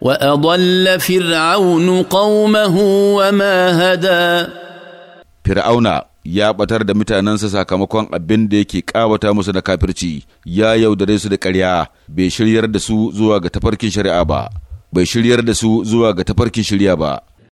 واضل فرعون قومه وما هدى فرعون ya ɓatar da mutanensa sakamakon abin da yake ƙawata musu na kafirci ya yaudare su da ƙarya bai shiryar da su zuwa ga tafarkin shari'a bai shiryar da su zuwa ga tafarkin shirya ba